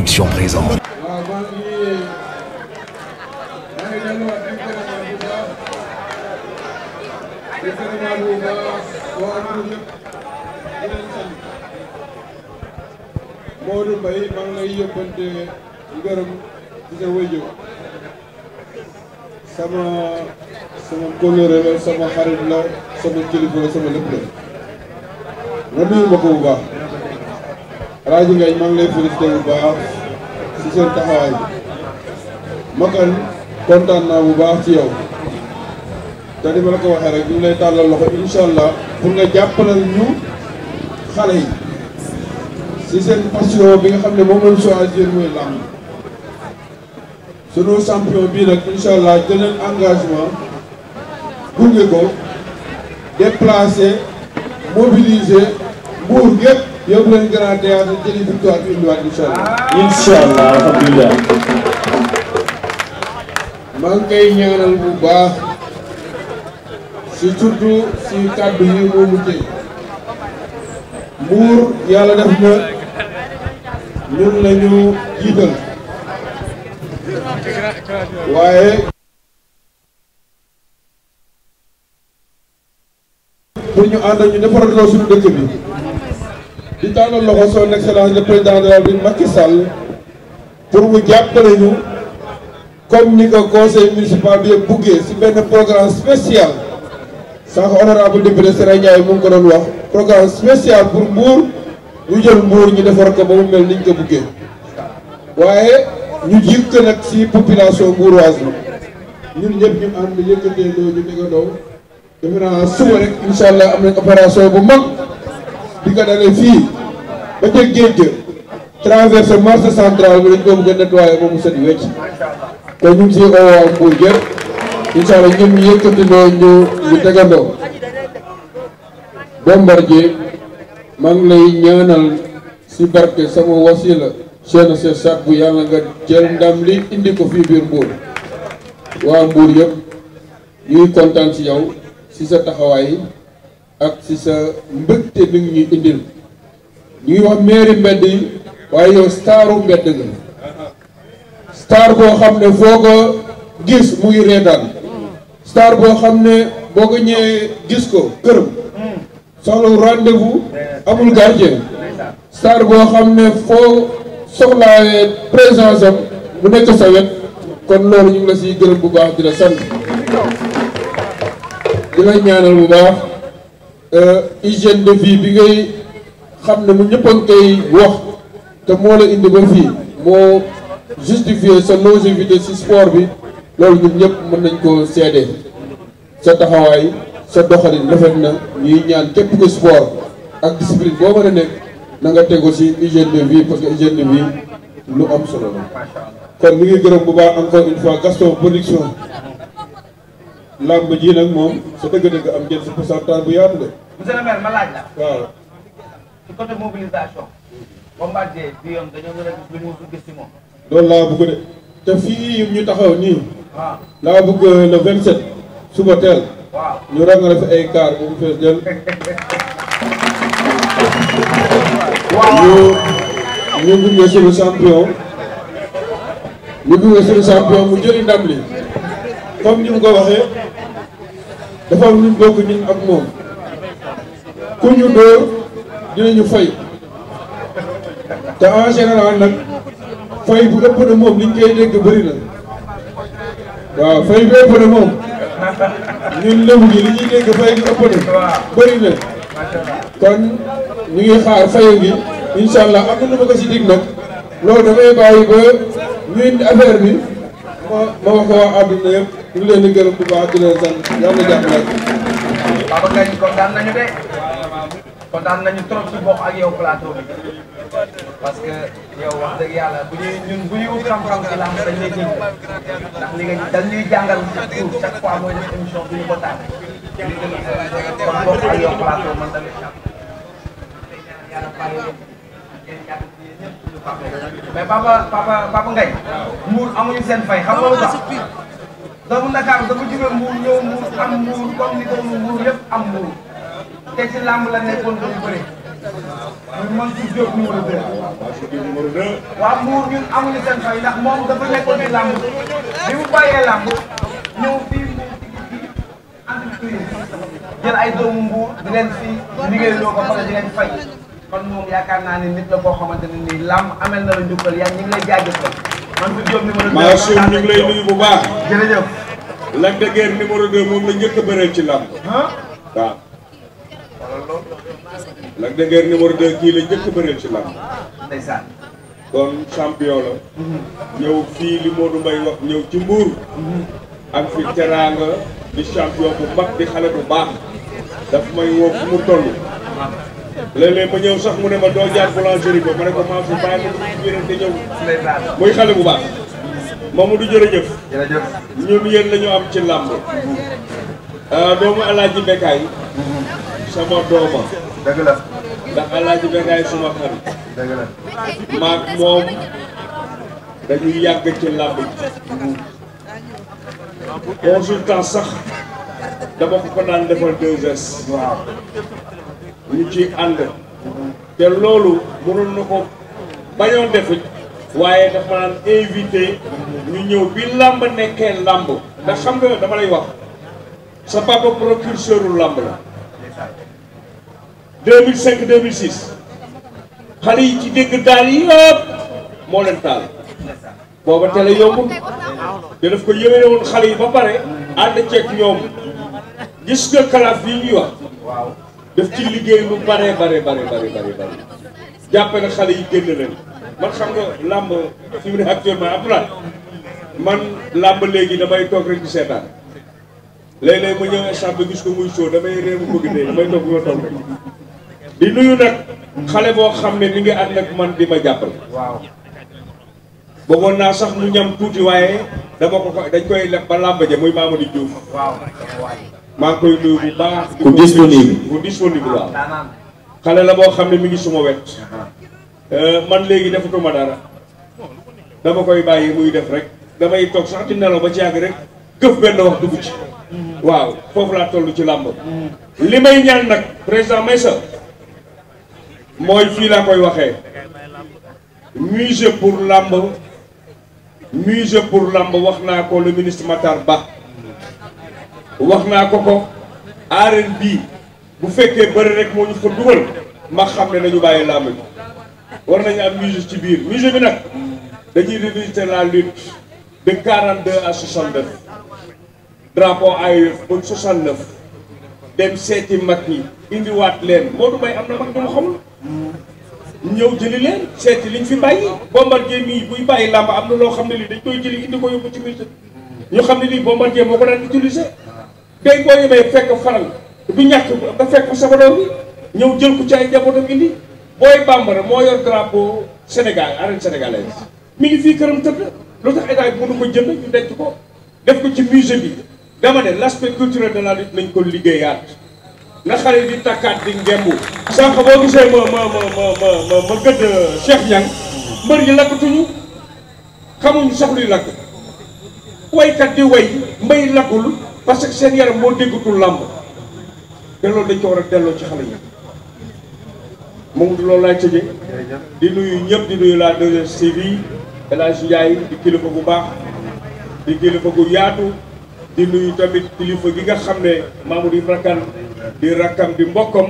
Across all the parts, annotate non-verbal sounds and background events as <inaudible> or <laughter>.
production présente. Modou Mbaye maa ngi lay yóbbante ngërëm ci sa wëjëw sama sama kóllëre la sama xarit la sama kilifa la sama lépp la nga nuyu ma ko bu baax Alaaji Ngagne maa ngi lay félicité bu baax ci seen taxawaay bi Makane kontaan naa bu baax ci yow te ni ma la ko waxee rek ñu lay tàllal loxo incha allah pour nga jàppalal ñu xale yi ci seen passion bi nga xam ne moom lañ choisir muy làmb sunu champion bii nag incha allah engagement gunge ko déplacer mobiliser mbuur gépp yóbbu leen grand théâtre jëli victoire bi indiwaat incha allah. incha allah alhamdulilah. bu baax si surtout si kàddu yi moomu tey mbuur yàlla def na ñun la jiital waaye pour ñu ànd ñu defaral loo suñu dëkk bi di tàllal loxo son excellence le président de la République Macky Sall pour mu jàppale ñu comme ni ko conseil municipal bi buggee si benn programme spécial sa honorable député Sera Ndiaye mu ko doon wax programme spécial pour Mbour ñu jël Mbour ñu defar ko ba mu mel ni ñu ko buggee waaye ñu jiir ko nag si population mbuuroise bi ñun ñëpp ñu ànd yëkkatee loo ñu déggoo daw defe naa suba rek incha allah am nañ opération bu mag. di ko dalee fii ba ca géej ga traversé marché central bi dañ ko ba mu set wecc te ñu ngi siy oowoo ak Mbour yëpp ngi lay ñaanal si barke sama wasila seen seen sat bu yàlla nga jël ndam li indi ko fii biir Mbour waa Mbour yëpp ñuy kontaan si yow si sa taxawaay. ak si sa mbëgte bi ngi ñuy indil ñu ngi wax meeri mbedd yi waaye yow staru mbedd nga star boo xam ne foo ko gis mu ngi reetaan star boo xam ne boo ko ñëwee gis ko këram soxlawu rendez-vous amul gardien xam ne foo soxlaawee présence bu nekk sa wet kon loolu ñu ngi la si gërëm bu baax di la sant ñaanal bu baax Euh, hygiène de vie bi ngay xam ne mu ñëpp kay ngi wax te moo la indi ba fii moo justifier sa longévité ci sport bi loolu ñun ñëpp mën nañ ko seede sa taxawaay sa doxalin rafet na ñuy ñaan képp ko sport ak discipline boo mën a nekk na nga tegu ci hygiène de vie parce que hygiène de vie lu am solo la kon mi ngi gërëm bu baax encore une fois Gaston production làmb ji nag moom sa dëgg-dëgg am jël sa pourcentage bu yaatu de. monsieur le maire ma laaj la. waaw. ci a gis lu ñu gis ci moom. loolu laa bëgg de te fii ñu taxaw nii. waaw laa bëgg le 27 suba teel. waaw ñu rangale fi ay kaar bu mu fees jël. <laughs> ñu ñu gunge suñu champion. ñu gunge suñu champion mu jëli ndam li comme ni mu ko waxee. dafa am luñ bokk ñun ak moom ku ñu dóor dinañu fay te en général nag fay bu ëpp na moom liñ koy dégg bëri na waaw fay bu ëpp moom ñun lébu gi li ñuy dégg fay bu ëpp na bëri na kon ñu ngi xaar fayu gi incha allah am na nu si dig nag loolu damay bàyyi ba ñu indi bi ma ma wax ko waa àdduna ñu ngi leen di gërëm bu baax di leen sant yàlla jàppale. Baba Ngagne kontaan nañu de kontaan nañu trop ci bokk ak yow plateau bi parce que yow wax dëgg yàlla bu ñuy ñun bu ñuy xam-xam ci làmb dañ lay jënd ndax li nga dañ ñuy jàngal pour chaque fois émission bu ñu ko tànn kon bokk yow plateau man tamit yàlla bàyyi mais Papa Papa Papa Ngagne Mbour amuñu seen fay xam nga doomu Ndakaaru dafa jóge Mbuur ñëw Mbuur am Mbuur comme ni doomu Mbuur yëpp am Mbuur te ci làmb la nekkoon doon ay doomu Mbuur di leen fi liggéeyloo ko wala di leen yaakaar naa ne nit la boo xamante ne nii làmb amel na la njukkal man fi jóg numéro 2 maa ngi lay nuyu bu baax Lac de Guiers numéro 2 moom la njëkk a ci làmb. waaw. Lac de Guiers numéro kii la njëkk a bëreel ci làmb. kon champion la. ñëw fii li Modou Mbaye wax ñëw ci mbuur mhm. ak fi teraanga di champion bu mag di xale bu baax. daf may woo fu mu toll. léeg-léeg ma ñëw sax mu ne ma doo jaar boulangerie ba ma ne ko maa fi bàyyi ma dugg ci ñëw. muy xale bu baax. Mamadou jërëjëf. jërëjëf ñun yéen la ñu am ci làmb. Euh, doomu Alaaji Bekkaay. sama dooma. dëgg la. ndax Alaaji Bekkaay suma xarit. la. maag moom dañuy yàgg ci làmb ji. consultant sax dama ko ko daan defal 2S. waaw. ci ànd. te loolu mënoon na ko bañoon defit waaye dafa naan invité ñu ñëw bi làmb nekkee làmb ndax xam nga dama lay wax sa papa procureur u làmb la 2005 2006 xale yi ci dégg daal yëpp moo leen taal booba télé yombul daf ko yëwee woon xale yi ba pare ànd ceeg ñoom gis nga kalaaf yi ñuy wax daf ci liggéey lu bare bare bare bare bare bare jàppe na xale yi génn nañu man xam nga làmb fi mu ne actuellement man làmb léegi damay toog rek di seetaan léeg-léeg ma ñëw instant bi gis ko muy soo damay réew mu bëgg dee damay toog ma toog rek di nuyu nag xale boo xam ne mi ngi ànd ak man di ma jàpp waaw bëggoon naa sax mu ñam tuuti waaye dama ko dañ koy leb ba làmb ja muy Mamadou Diouf. waaw maa ngi koy nuyu bu baax. ku disponible ku disponible waaw. xale la boo xam ne mi ngi suma wet. Euh, man léegi defatuma dara dama koy bàyyi muy def rek damay toog sax di nelaw ba ci yàgg rek këf benn wax dugg ci waaw foofu laa toll ci làmb li may ñaan nag président Meissa mooy fii laa koy waxee musée pour làmb musée pour làmb wax naa ko le ministre Matar Ba wax naa ko ko arène bii bu fekkee bëri rek moo ñu fa dugal ma xam ne nañu bàyyi làmb bi war nañu am musée ci biir musée bi nag dañuy revisiter la lutte de 42 à 69 drapeau AOF e ba 69 dem seeti mag ñi indiwaat leen Modou Mbaye am na mag ñu mu xamul ñëw jëli leen seeti liñ fi bàyyi. Bombardier mii buy bàyyi làmb am na loo xam ne lii dañ koy jëli indi ko yóbbu ci musée ñu xam ne lii Bombardier moo ko daan utiliser tey boo yemee fekk faral du ñàkk ba fekk ko sabadoor bi ñëw jël ko ci ay njabootam indi. booy bambara moo yor drapeau Sénégal arène sénégalaise mi ngi fii këram tëdd lu tax état bi mënu ko jën ñu denc ko def ko ci musée bi dama ne l' aspect culturel de la nañ ko liggéeyaat na xale di takkaat di ngembu. sànq boo gisee ma ma ma ma ma ma gëdd euh, Cheikh Niang mbër yi lakkatuñu xamuñu soxluy lakk waykat di way mbay lakkul parce que seen yaram moo déggatul làmb te loolu dañ ko war a delloo ci xale yi. moom loolu laay tëjee di nuyu ñëpp di nuyu la 2STV El Hadj Ndiaye di kilifa gu baax di kilifa gu yaatu di nuyu tamit kilifa gi nga xam ne Mamadou Ibra Kane di rakkam di mbokkam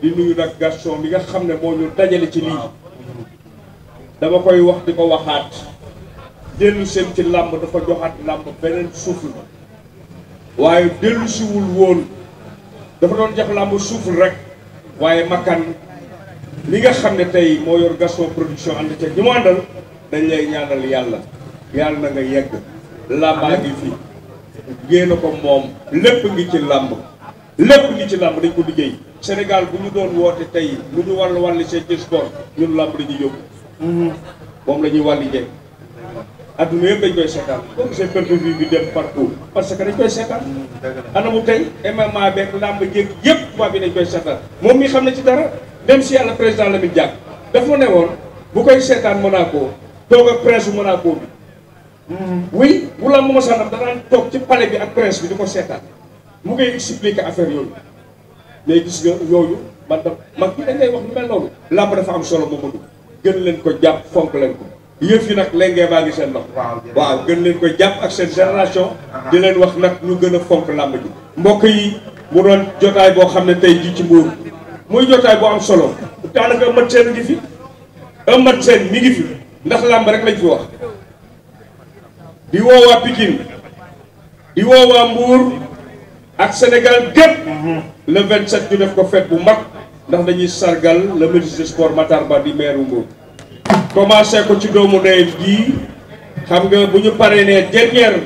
di nuyu nag Gaston bi nga xam ne moo ñu dajale ci lii dama koy wax di ko waxaat dellu seen ci làmb dafa joxaat làmb beneen souffle waaye dellu woon dafa doon jox làmb souffle rek waaye makkan li nga xam ne tey moo yor Gaston production ànd ca ñi mu àndal dañ lay ñaanal yàlla yàlla na nga yegg làmbaa ngi fi génn ko moom lépp ngi ci làmb lépp ngi ci làmb dañ ko liggéey Sénégal bu ñu doon woote tey lu ñu wàll wàlli seen ci sport ñu làmb dañuy yóbbu mm-hmm. moom la ñuy wàlli jeeg adduna yëpp dañ koy seetaan comme c'est parce que dañ koy seetaan mm-hmm. anamu tey MMA beeg làmb jéeg yëpp tubaab bi dañ koy seetaan moom mi xam ne ci dara même si yàlla président Lamine Diack dafa ne woon bu koy seetaan Monaco toog ak prince bu Monaco bi. oui bu la moom sax toog ci palais bi ak prince ko seetaan mu ngay expliquer affaire yooyu mais gis nga yooyu man da mag bi dañ wax mel noonu. làmb dafa am solo mu mënul gën leen ko jàpp fonk leen ko. yëf yi nag lengee baa ngi seen loxo. waaw gën leen ko jàpp ak seen génération. Ah. di leen wax nag ñu gën a fonk làmb ji. mbokk yi mu doon jotaay boo xam ne tey jii ci mbuur muy jotaay bu am solo daanaka Eumeu Sène ngi fi Eumeu Sène mi ngi fi ndax làmb rek lañ fi wax di woo waa di woo waa Mbour ak Sénégal gépp mhm. vingt 27 ñu def ko fête bu mag ndax dañuy sargal le ministre des sports Matar di maire Mbour. commencé ko ci doomu ndeyam ji xam nga bu ñu paree ne dernière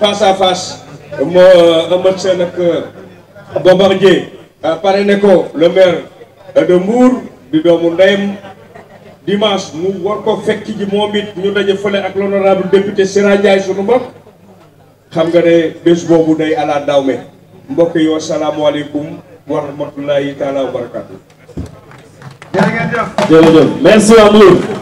face à face moo Eumeu Sène ak euh, Bombardier Ah, parrainé ko le maire de Mbour di doomu ndeyam dimanche mu war ko fekk ji moom it ñu daje fële ak l'honorable député Sira Ndiaye sunu mbokk xam nga ne bés boobu day ala dawme mbokk yi wasalaamualeykum wa rahmatulahi taala wa barakatu jërëjëf jërëjëf merci Amour